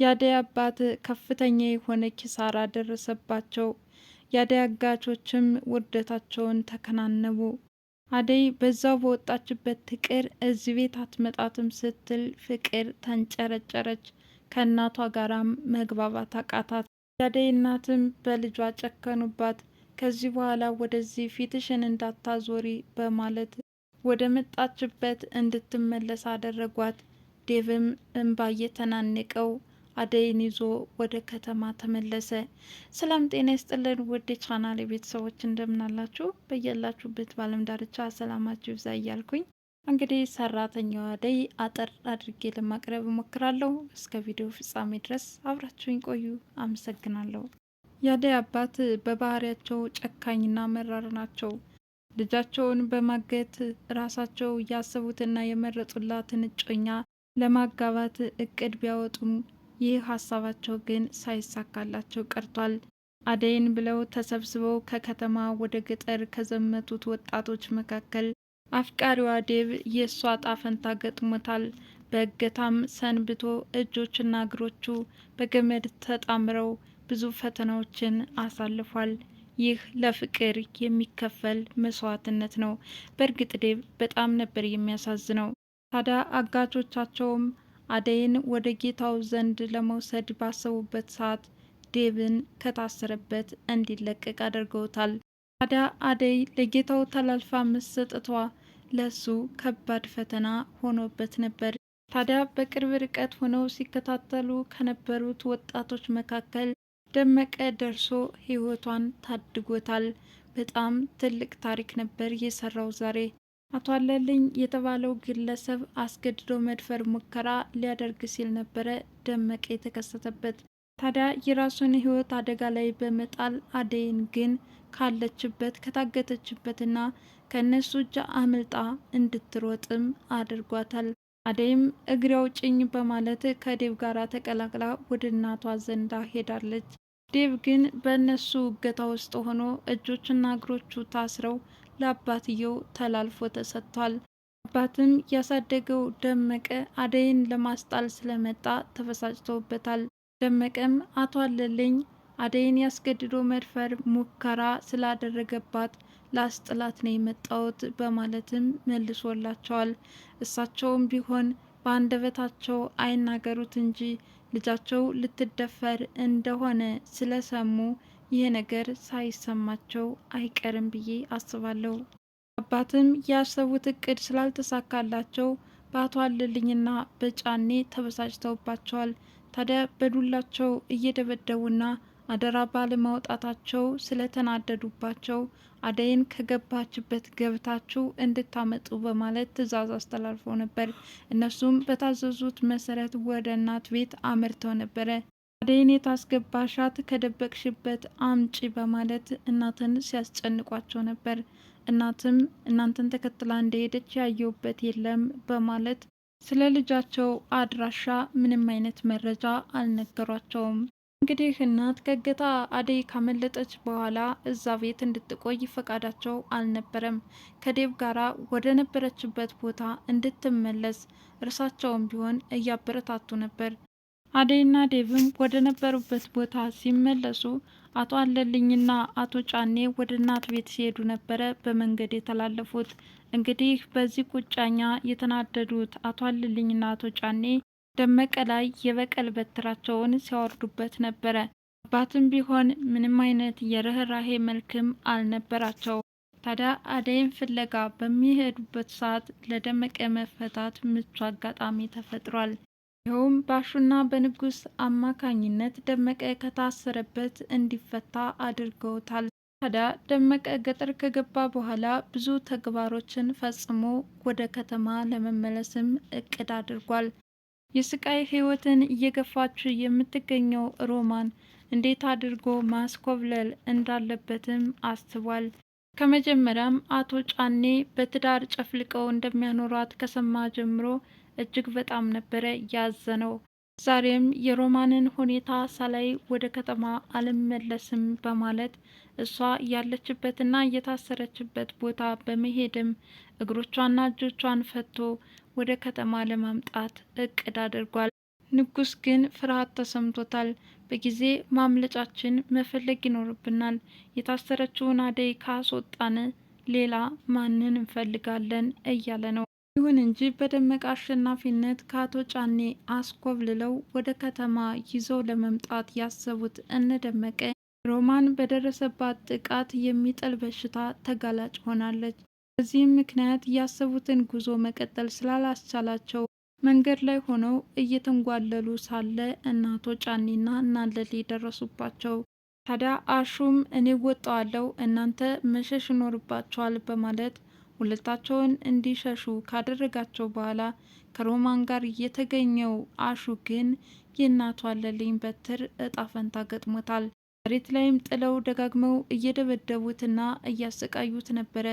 የአደይ አባት ከፍተኛ የሆነ ኪሳራ ደረሰባቸው። የአደይ አጋቾችም ውርደታቸውን ተከናነቡ። አደይ በዛው በወጣችበት ፍቅር እዚህ ቤት አትመጣትም ስትል ፍቅር ተንጨረጨረች። ከእናቷ ጋራም መግባባት አቃታት። የአደይ እናትም በልጇ ጨከኑባት። ከዚህ በኋላ ወደዚህ ፊትሽን እንዳታዞሪ በማለት ወደ መጣችበት እንድትመለስ አደረጓት። ዴቭም እንባ እየተናነቀው አደይን ይዞ ወደ ከተማ ተመለሰ። ሰላም ጤና ይስጥልን ውድ ቻናል ቤተሰቦች እንደምናላችሁ በያላችሁበት በዓለም ዳርቻ ሰላማችሁ ይብዛ እያልኩኝ እንግዲህ ሰራተኛዋ አደይ አጠር አድርጌ ለማቅረብ እሞክራለሁ። እስከ ቪዲዮ ፍጻሜ ድረስ አብራችሁኝ ቆዩ። አመሰግናለሁ። የአደይ አባት በባህሪያቸው ጨካኝና መራር ናቸው። ልጃቸውን በማገት ራሳቸው ያሰቡትና የመረጡላትን እጮኛ ለማጋባት እቅድ ቢያወጡም ይህ ሀሳባቸው ግን ሳይሳካላቸው ቀርቷል። አደይን ብለው ተሰብስበው ከከተማ ወደ ገጠር ከዘመቱት ወጣቶች መካከል አፍቃሪዋ ዴብ የእሷ ጣፈንታ ገጥሞታል። በእገታም ሰንብቶ እጆችና እግሮቹ በገመድ ተጣምረው ብዙ ፈተናዎችን አሳልፏል። ይህ ለፍቅር የሚከፈል መስዋዕትነት ነው። በእርግጥ ዴብ በጣም ነበር የሚያሳዝነው። ታዲያ አጋቾቻቸውም አደይን ወደ ጌታው ዘንድ ለመውሰድ ባሰቡበት ሰዓት ዴብን ከታሰረበት እንዲለቀቅ አድርገውታል። ታዲያ አደይ ለጌታው ተላልፋ መሰጠቷ ለሱ ከባድ ፈተና ሆኖበት ነበር። ታዲያ በቅርብ ርቀት ሆነው ሲከታተሉ ከነበሩት ወጣቶች መካከል ደመቀ ደርሶ ሕይወቷን ታድጎታል። በጣም ትልቅ ታሪክ ነበር የሰራው ዛሬ አቶ አለልኝ የተባለው ግለሰብ አስገድዶ መድፈር ሙከራ ሊያደርግ ሲል ነበረ ደመቀ የተከሰተበት። ታዲያ የራሱን ሕይወት አደጋ ላይ በመጣል አደይን ግን ካለችበት ከታገተችበትና ከእነሱ እጅ አምልጣ እንድትሮጥም አድርጓታል። አደይም እግሬ አውጭኝ በማለት ከዴብ ጋር ተቀላቅላ ወደ እናቷ ዘንዳ ሄዳለች። ዴቭ ግን በእነሱ እገታ ውስጥ ሆኖ እጆችና እግሮቹ ታስረው ለአባትየው ተላልፎ ተሰጥቷል። አባትም ያሳደገው ደመቀ አደይን ለማስጣል ስለመጣ ተበሳጭተውበታል። ደመቀም አቶ አለልኝ አደይን ያስገድዶ መድፈር ሙከራ ስላደረገባት ላስጥላት ነው የመጣሁት በማለትም መልሶላቸዋል። እሳቸውም ቢሆን በአንደበታቸው አይናገሩት እንጂ ልጃቸው ልትደፈር እንደሆነ ስለሰሙ ይህ ነገር ሳይሰማቸው አይቀርም ብዬ አስባለሁ። አባትም ያሰቡት እቅድ ስላልተሳካላቸው በአቶ አለልኝና በጫኔ ተበሳጭተውባቸዋል። ታዲያ በዱላቸው እየደበደቡና አደራ ባለማውጣታቸው ስለተናደዱባቸው አደይን ከገባችበት ገብታችሁ እንድታመጡ በማለት ትዕዛዝ አስተላልፈው ነበር። እነሱም በታዘዙት መሰረት ወደ እናት ቤት አምርተው ነበረ። አደይን የታስገባሻት ከደበቅሽበት አምጪ በማለት እናትን ሲያስጨንቋቸው ነበር። እናትም እናንተን ተከትላ እንደሄደች ያየውበት የለም በማለት ስለ ልጃቸው አድራሻ ምንም አይነት መረጃ አልነገሯቸውም። እንግዲህ እናት ከእገታ አደይ ካመለጠች በኋላ እዛ ቤት እንድትቆይ ፈቃዳቸው አልነበረም። ከዴብ ጋራ ወደ ነበረችበት ቦታ እንድትመለስ እርሳቸውም ቢሆን እያበረታቱ ነበር። አደይና ዴቭም ወደ ነበሩበት ቦታ ሲመለሱ አቶ አለልኝና አቶ ጫኔ ወደ እናት ቤት ሲሄዱ ነበረ በመንገድ የተላለፉት። እንግዲህ በዚህ ቁጫኛ የተናደዱት አቶ አለልኝና አቶ ጫኔ ደመቀ ላይ የበቀል በትራቸውን ሲያወርዱበት ነበረ። አባትም ቢሆን ምንም አይነት የርኅራሄ መልክም አልነበራቸው። ታዲያ አደይን ፍለጋ በሚሄዱበት ሰዓት ለደመቀ መፈታት ምቹ አጋጣሚ ተፈጥሯል። ይኸውም በአሹና በንጉስ አማካኝነት ደመቀ ከታሰረበት እንዲፈታ አድርገውታል። ታዲያ ደመቀ ገጠር ከገባ በኋላ ብዙ ተግባሮችን ፈጽሞ ወደ ከተማ ለመመለስም እቅድ አድርጓል። የስቃይ ህይወትን እየገፋች የምትገኘው ሮማን እንዴት አድርጎ ማስኮብለል እንዳለበትም አስቧል። ከመጀመሪያም አቶ ጫኔ በትዳር ጨፍልቀው እንደሚያኖሯት ከሰማ ጀምሮ እጅግ በጣም ነበረ ያዘነው። ዛሬም የሮማንን ሁኔታ ሳላይ ወደ ከተማ አልመለስም በማለት እሷ ያለችበትና የታሰረችበት ቦታ በመሄድም እግሮቿና እጆቿን ፈቶ ወደ ከተማ ለማምጣት እቅድ አድርጓል። ንጉስ ግን ፍርሃት ተሰምቶታል። በጊዜ ማምለጫችን መፈለግ ይኖርብናል። የታሰረችውን አደይ ካስወጣን ሌላ ማንን እንፈልጋለን እያለ ነው። ይሁን እንጂ በደመቀ አሸናፊነት ከአቶ ጫኔ አስኮብልለው ወደ ከተማ ይዘው ለመምጣት ያሰቡት እነደመቀ ሮማን በደረሰባት ጥቃት የሚጥል በሽታ ተጋላጭ ሆናለች። በዚህም ምክንያት ያሰቡትን ጉዞ መቀጠል ስላላስቻላቸው መንገድ ላይ ሆነው እየተንጓለሉ ሳለ እነ አቶ ጫኔና እናለሌ ደረሱባቸው። ታዲያ አሹም እኔ ወጣዋለሁ እናንተ መሸሽ ይኖርባቸዋል በማለት ሁለታቸውን እንዲሸሹ ካደረጋቸው በኋላ ከሮማን ጋር የተገኘው አሹ ግን የእናቷ አለልኝ በትር እጣ ፈንታ ገጥሞታል። መሬት ላይም ጥለው ደጋግመው እየደበደቡትና እያሰቃዩት ነበረ።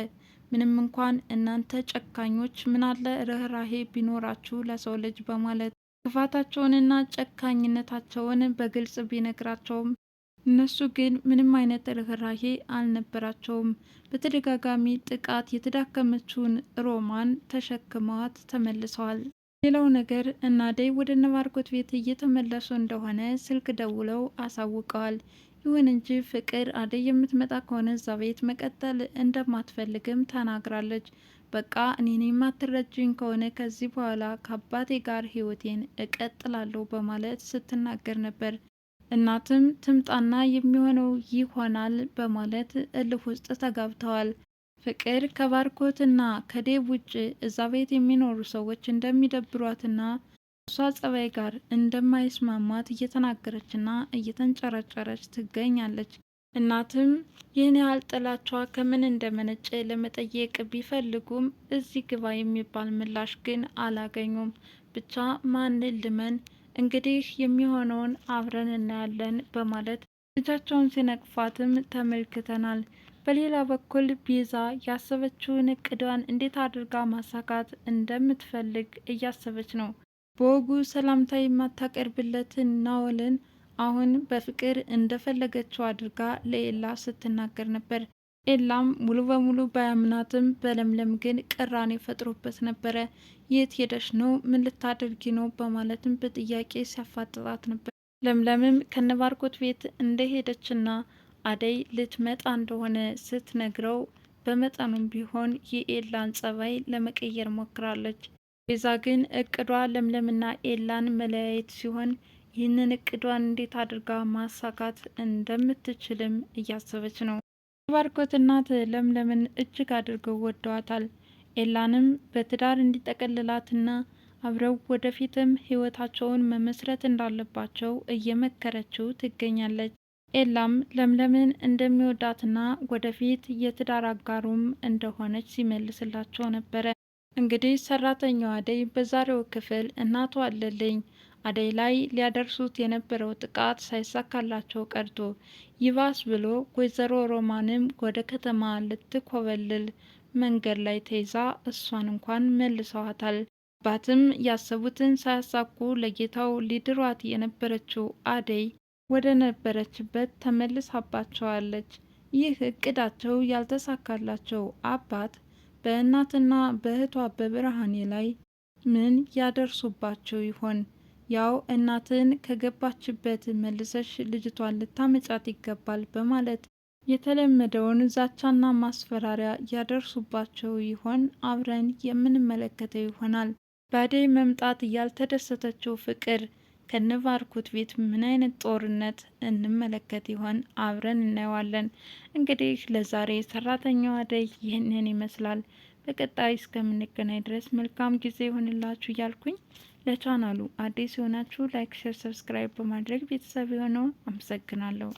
ምንም እንኳን እናንተ ጨካኞች ምናለ ርኅራሄ ቢኖራችሁ ለሰው ልጅ በማለት ክፋታቸውንና ጨካኝነታቸውን በግልጽ ቢነግራቸውም እነሱ ግን ምንም አይነት ርህራሄ አልነበራቸውም። በተደጋጋሚ ጥቃት የተዳከመችውን ሮማን ተሸክመዋት ተመልሰዋል። ሌላው ነገር እናደይ ወደ ነባርኮት ቤት እየተመለሱ እንደሆነ ስልክ ደውለው አሳውቀዋል። ይሁን እንጂ ፍቅር አደይ የምትመጣ ከሆነ እዛ ቤት መቀጠል እንደማትፈልግም ተናግራለች። በቃ እኔን የማትረጅኝ ከሆነ ከዚህ በኋላ ከአባቴ ጋር ህይወቴን እቀጥላለሁ በማለት ስትናገር ነበር። እናትም ትምጣና የሚሆነው ይሆናል በማለት እልፍ ውስጥ ተጋብተዋል። ፍቅር ከባርኮትና ከዴብ ውጭ እዛ ቤት የሚኖሩ ሰዎች እንደሚደብሯትና እሷ ጸባይ ጋር እንደማይስማማት እየተናገረችና እየተንጨረጨረች ትገኛለች። እናትም ይህን ያህል ጥላቿ ከምን እንደመነጨ ለመጠየቅ ቢፈልጉም እዚህ ግባ የሚባል ምላሽ ግን አላገኙም። ብቻ ማን ልመን እንግዲህ የሚሆነውን አብረን እናያለን በማለት ልጃቸውን ሲነቅፋትም ተመልክተናል። በሌላ በኩል ቤዛ ያሰበችውን እቅዷን እንዴት አድርጋ ማሳካት እንደምትፈልግ እያሰበች ነው። በወጉ ሰላምታ የማታቀርብለት ናወልን አሁን በፍቅር እንደፈለገችው አድርጋ ለኤላ ስትናገር ነበር። ኤላም ሙሉ በሙሉ ባያምናትም በለምለም ግን ቅራኔ ፈጥሮበት ነበረ። የት ሄደሽ ነው? ምን ልታደርጊ ነው? በማለትም በጥያቄ ሲያፋጥጣት ነበር። ለምለምም ከነባርኮት ቤት እንደሄደችና አደይ ልትመጣ እንደሆነ ስትነግረው በመጠኑም ቢሆን የኤላን ጸባይ ለመቀየር ሞክራለች። ቤዛ ግን እቅዷ ለምለምና ኤላን መለያየት ሲሆን ይህንን እቅዷን እንዴት አድርጋ ማሳካት እንደምትችልም እያሰበች ነው። የባርኮት እናት ለምለምን እጅግ አድርገው ወደዋታል። ኤላንም በትዳር እንዲጠቀልላትና አብረው ወደፊትም ህይወታቸውን መመስረት እንዳለባቸው እየመከረችው ትገኛለች። ኤላም ለምለምን እንደሚወዳትና ወደፊት የትዳር አጋሩም እንደሆነች ሲመልስላቸው ነበረ። እንግዲህ ሰራተኛዋ አደይ በዛሬው ክፍል እናቷ አለልኝ አደይ ላይ ሊያደርሱት የነበረው ጥቃት ሳይሳካላቸው ቀርቶ ይባስ ብሎ ወይዘሮ ሮማንም ወደ ከተማ ልትኮበልል መንገድ ላይ ተይዛ እሷን እንኳን መልሰዋታል። አባትም ያሰቡትን ሳያሳኩ ለጌታው ሊድሯት የነበረችው አደይ ወደ ነበረችበት ተመልሳባቸዋለች። ይህ እቅዳቸው ያልተሳካላቸው አባት በእናትና በእህቷ በብርሃኔ ላይ ምን ያደርሱባቸው ይሆን? ያው እናትን ከገባችበት መልሰሽ ልጅቷን ልታመጫት ይገባል በማለት የተለመደውን ዛቻና ማስፈራሪያ ያደርሱባቸው ይሆን? አብረን የምንመለከተው ይሆናል። በአደይ መምጣት ያልተደሰተችው ፍቅር ከነባርኮት ቤት ምን አይነት ጦርነት እንመለከት ይሆን? አብረን እናየዋለን። እንግዲህ ለዛሬ ሰራተኛዋ አደይ ይህንን ይመስላል። በቀጣይ እስከምንገናኝ ድረስ መልካም ጊዜ ይሆንላችሁ እያልኩኝ ለቻናሉ አዲስ የሆናችሁ ላይክ፣ ሸር፣ ሰብስክራይብ በማድረግ ቤተሰብ የሆነው አመሰግናለሁ።